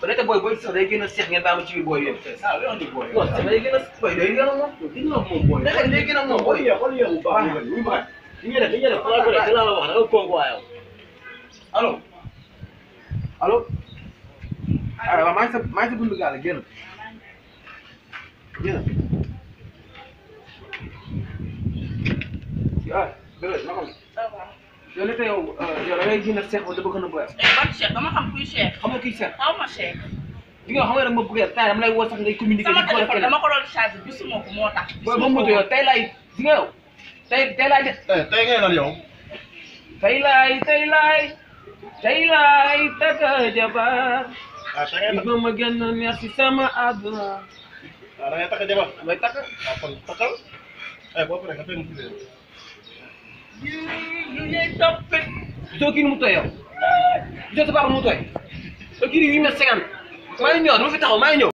su nekkee booy booy sax day gën a seex ngeen baamu ci biir booy yéen. waaw yow andi booy yi waaw day gën a booy day gën a moom. gën a moom booy yi day gën a moom booy yi. waaw xool yéen bu baax ñu baax ñu ngi def ñu ngi def xanaa ko de dinaa la wax danga kooku waayam allo allo. aywa maa ngi sa maa ngi sa buntu gaal génn génn. ah dëgg la yow li tey yow euh, yow da ngay ji nag seex ba da bëgg na booyal. ban seex dama xam kuy seex. xamoo kuy seex. xaw ma seex. di nga xam nga dama bëgg a taay dama lay woo sax ngay communiquer. sama téléphone dama ko doon chargé gisuma ko moo tax. gisuma ko ba mu yow tey laay di nga yow tey tey laay de. Eh, tey ngay lan yow. tey laay tey laay tey laay takk jabar. ah tey laay takk ma gën a neex si sama àdduna. waaw ah, da ngay takk jabar. damay takk. waaw ah, kon takkal. Eh, boo paree nga fay mu tuddee. gisoo kii nu mu tooy yow gisoo sa papa nu mu tooy kii nii huit mètres cinquante maa ngi ñëwaat nu mu fi taxaw maa ngi ñëw.